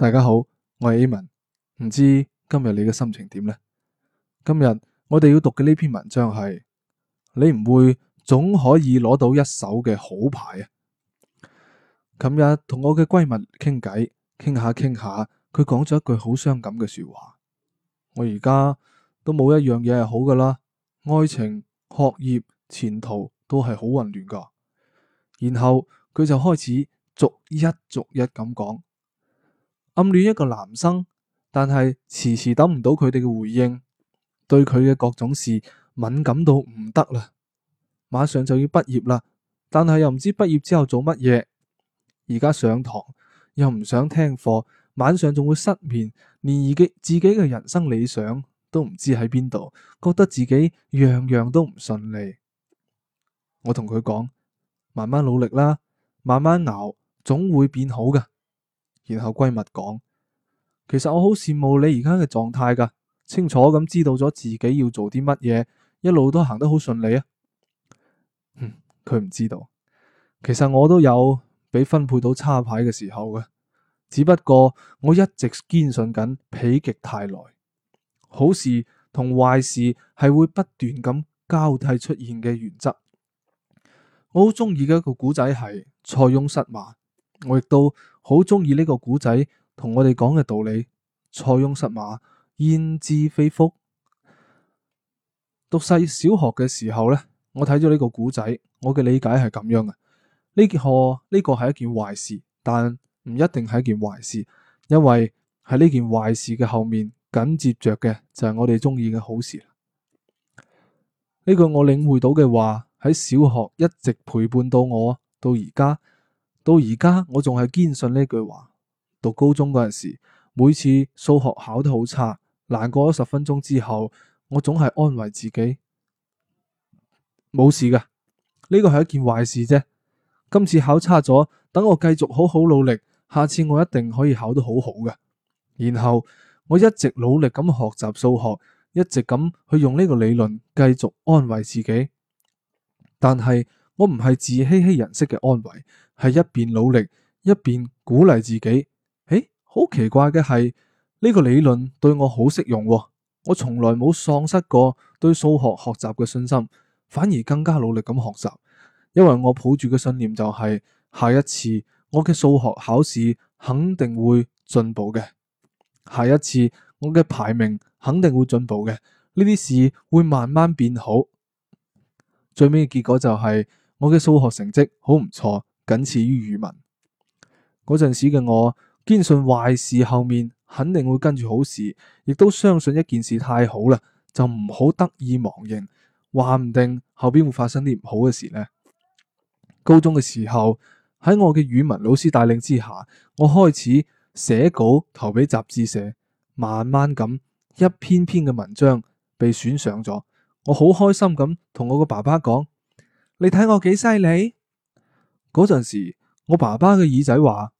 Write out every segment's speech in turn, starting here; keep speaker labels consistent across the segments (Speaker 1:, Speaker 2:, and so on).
Speaker 1: 大家好，我係 Amen。唔知今日你嘅心情點呢？今日我哋要讀嘅呢篇文章係你唔會總可以攞到一手嘅好牌啊！琴日同我嘅閨蜜傾偈，傾下傾下，佢講咗一句好傷感嘅說話。我而家都冇一樣嘢係好噶啦，愛情、學業、前途都係好混亂噶。然後佢就開始逐一逐一咁講。暗戀一個男生，但係遲遲等唔到佢哋嘅回應，對佢嘅各種事敏感到唔得啦。馬上就要畢業啦，但係又唔知畢業之後做乜嘢。而家上堂又唔想聽課，晚上仲會失眠，連自己嘅人生理想都唔知喺邊度，覺得自己樣樣都唔順利。我同佢講：慢慢努力啦，慢慢熬，總會變好噶。然後閨蜜講：其實我好羨慕你而家嘅狀態噶，清楚咁知道咗自己要做啲乜嘢，一路都行得好順利啊。佢、嗯、唔知道，其實我都有俾分配到差牌嘅時候嘅，只不過我一直堅信緊否極泰來，好事同壞事係會不斷咁交替出現嘅原則。我好中意嘅一個古仔係塞翁失馬。我亦都好中意呢個古仔，同我哋講嘅道理：，塞翁失馬，焉知非福。讀細小學嘅時候呢，我睇咗呢個古仔，我嘅理解係咁樣嘅：呢件河呢個係一件壞事，但唔一定係一件壞事，因為喺呢件壞事嘅後面緊接着嘅就係我哋中意嘅好事。呢句我領會到嘅話喺小學一直陪伴到我到而家。到而家我仲係堅信呢句話。讀高中嗰陣時，每次數學考得好差，難過咗十分鐘之後，我總係安慰自己冇事噶，呢個係一件壞事啫。今次考差咗，等我繼續好好努力，下次我一定可以考得好好嘅。然後我一直努力咁學習數學，一直咁去用呢個理論繼續安慰自己。但係我唔係自欺欺人式嘅安慰。係一邊努力一邊鼓勵自己，誒，好奇怪嘅係呢個理論對我好適用喎，我從來冇喪失過對數學學習嘅信心，反而更加努力咁學習，因為我抱住嘅信念就係、是、下一次我嘅數學考試肯定會進步嘅，下一次我嘅排名肯定會進步嘅，呢啲事會慢慢變好，最尾嘅結果就係、是、我嘅數學成績好唔錯。僅次於語文。嗰陣時嘅我，堅信壞事後面肯定會跟住好事，亦都相信一件事太好啦，就唔好得意忘形，話唔定後邊會發生啲唔好嘅事呢。高中嘅時候，喺我嘅語文老師帶領之下，我開始寫稿投俾雜誌社，慢慢咁一篇篇嘅文章被選上咗，我好開心咁同我個爸爸講：你睇我幾犀利！嗰陣時，我爸爸嘅耳仔話：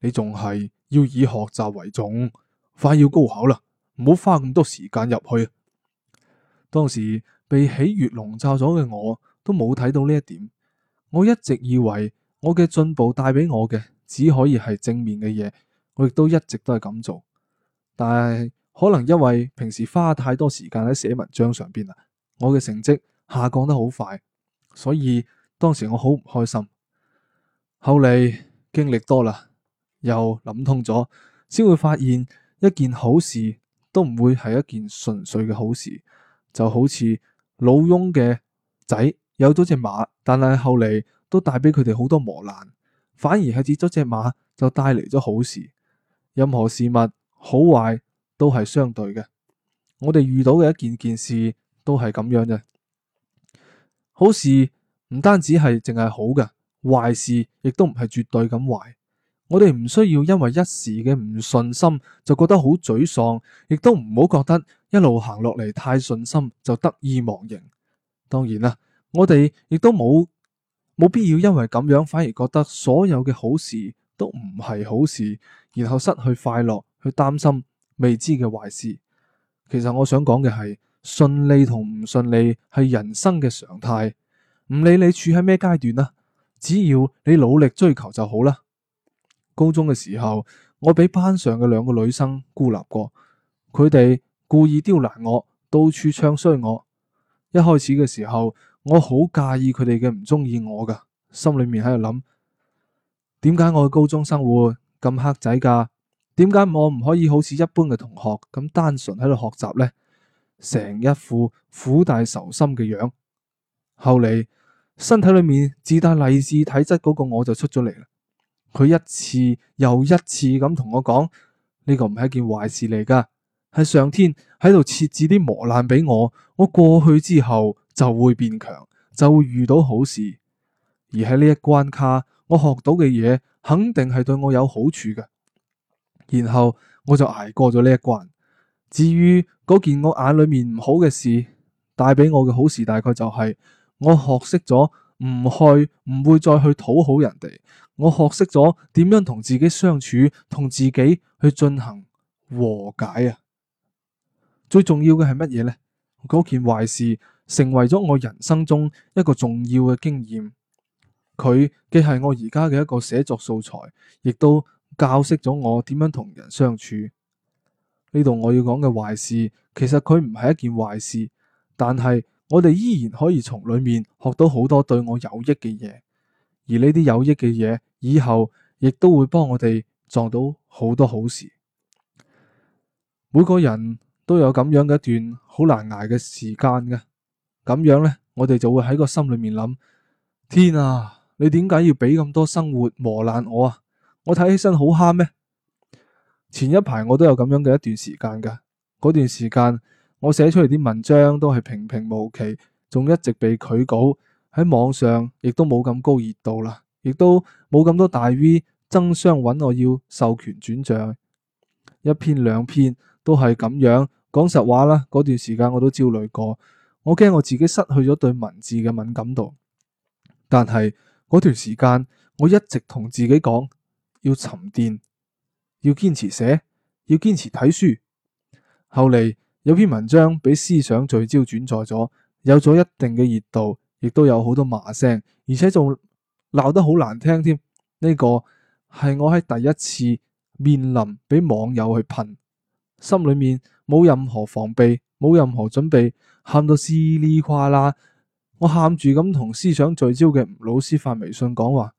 Speaker 1: 你仲係要以學習為重，快要高考啦，唔好花咁多時間入去。當時被喜悦籠罩咗嘅我，都冇睇到呢一點。我一直以為我嘅進步帶俾我嘅，只可以係正面嘅嘢。我亦都一直都係咁做，但係可能因為平時花太多時間喺寫文章上邊啦，我嘅成績下降得好快，所以。當時我好唔開心，後嚟經歷多啦，又諗通咗，先會發現一件好事都唔會係一件純粹嘅好事，就好似老翁嘅仔有咗隻馬，但係後嚟都帶俾佢哋好多磨難，反而係失咗隻馬就帶嚟咗好事。任何事物好壞都係相對嘅，我哋遇到嘅一件件事都係咁樣嘅，好事。唔單止係淨係好嘅，壞事亦都唔係絕對咁壞。我哋唔需要因為一時嘅唔順心，就覺得好沮喪，亦都唔好覺得一路行落嚟，太順心就得意忘形。當然啦，我哋亦都冇冇必要因為咁樣反而覺得所有嘅好事都唔係好事，然後失去快樂去擔心未知嘅壞事。其實我想講嘅係順利同唔順利係人生嘅常態。唔理你處喺咩階段啦，只要你努力追求就好啦。高中嘅時候，我俾班上嘅兩個女生孤立過，佢哋故意刁難我，到處唱衰我。一開始嘅時候，我好介意佢哋嘅唔中意我噶，心裏面喺度諗，點解我嘅高中生活咁黑仔噶？點解我唔可以好似一般嘅同學咁單純喺度學習呢？成一副苦大仇深嘅樣。後嚟。身體裏面自帶勵志體質嗰個我就出咗嚟。啦。佢一次又一次咁同我講，呢個唔係一件壞事嚟噶，係上天喺度設置啲磨難俾我。我過去之後就會變強，就會遇到好事。而喺呢一關卡，我學到嘅嘢，肯定係對我有好處噶。然後我就挨過咗呢一關。至於嗰件我眼裏面唔好嘅事帶俾我嘅好事，大概就係。我學識咗唔去，唔會再去討好人哋。我學識咗點樣同自己相處，同自己去進行和解啊。最重要嘅係乜嘢呢？嗰件壞事成為咗我人生中一個重要嘅經驗。佢既係我而家嘅一個寫作素材，亦都教識咗我點樣同人相處。呢度我要講嘅壞事，其實佢唔係一件壞事，但係。我哋依然可以從裏面學到好多對我有益嘅嘢，而呢啲有益嘅嘢以後亦都會幫我哋撞到好多好事。每個人都有咁樣嘅一段好難捱嘅時間嘅，咁樣呢，我哋就會喺個心裏面諗：天啊，你點解要俾咁多生活磨難我啊？我睇起身好慳咩？前一排我都有咁樣嘅一段時間嘅，嗰段時間。我寫出嚟啲文章都係平平無奇，仲一直被拒稿喺網上，亦都冇咁高熱度啦，亦都冇咁多大 V 爭相揾我要授權轉賬，一篇兩篇都係咁樣。講實話啦，嗰段時間我都焦慮過，我驚我自己失去咗對文字嘅敏感度。但係嗰段時間我一直同自己講要沉澱，要堅持寫，要堅持睇書。後嚟。有篇文章俾思想聚焦轉載咗，有咗一定嘅熱度，亦都有好多罵聲，而且仲鬧得好難聽添。呢個係我喺第一次面臨俾網友去噴，心裏面冇任何防備，冇任何準備，喊到撕哩嘩啦，我喊住咁同思想聚焦嘅吳老師發微信講話：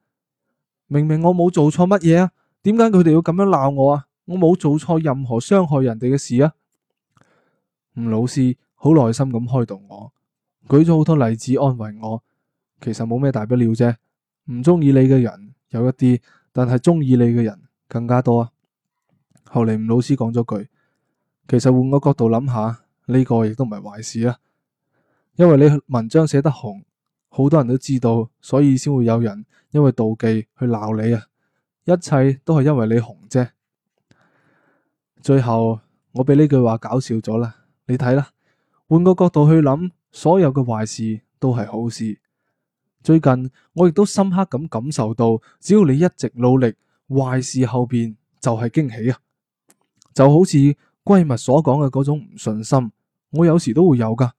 Speaker 1: 明明我冇做錯乜嘢啊，點解佢哋要咁樣鬧我啊？我冇做錯任何傷害人哋嘅事啊！吳老師好耐心咁開導我，舉咗好多例子安慰我。其實冇咩大不了啫，唔中意你嘅人有一啲，但係中意你嘅人更加多。後嚟吳老師講咗句：其實換個角度諗下，呢個亦都唔係壞事啊。因為你文章寫得紅，好多人都知道，所以先會有人因為妒忌去鬧你啊。一切都係因為你紅啫。最後我俾呢句話搞笑咗啦。你睇啦，換個角度去諗，所有嘅壞事都係好事。最近我亦都深刻咁感受到，只要你一直努力，壞事後邊就係驚喜啊！就好似閨蜜所講嘅嗰種唔順心，我有時都會有噶，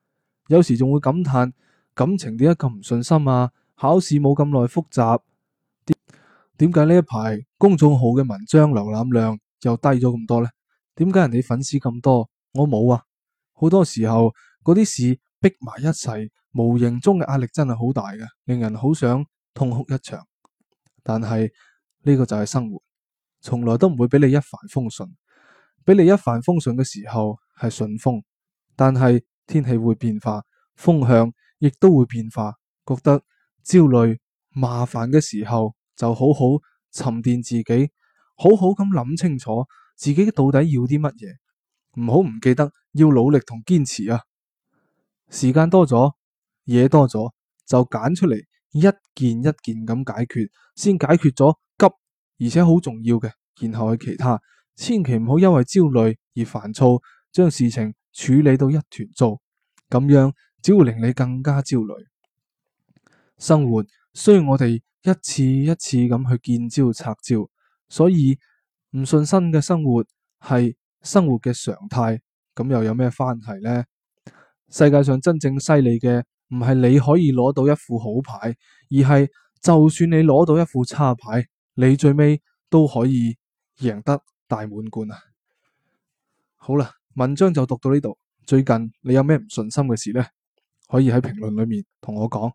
Speaker 1: 有時仲會感嘆感情點解咁唔順心啊？考試冇咁耐復習，點解呢一排公眾號嘅文章瀏覽量又低咗咁多呢？點解人哋粉絲咁多，我冇啊？好多時候嗰啲事逼埋一齊，無形中嘅壓力真係好大嘅，令人好想痛哭一場。但係呢個就係生活，從來都唔會俾你一帆風順。俾你一帆風順嘅時候係順風，但係天氣會變化，風向亦都會變化。覺得焦慮、麻煩嘅時候，就好好沉澱自己，好好咁諗清楚自己到底要啲乜嘢。唔好唔記得要努力同堅持啊！時間多咗，嘢多咗，就揀出嚟一件一件咁解決，先解決咗急，而且好重要嘅，然後去其他，千祈唔好因為焦慮而煩躁，將事情處理到一團糟，咁樣只會令你更加焦慮。生活需要我哋一次一次咁去見招拆招，招，所以唔信新嘅生活係。生活嘅常態，咁又有咩關係呢？世界上真正犀利嘅，唔係你可以攞到一副好牌，而係就算你攞到一副差牌，你最尾都可以贏得大滿貫啊！好啦，文章就讀到呢度。最近你有咩唔順心嘅事呢？可以喺評論裏面同我講。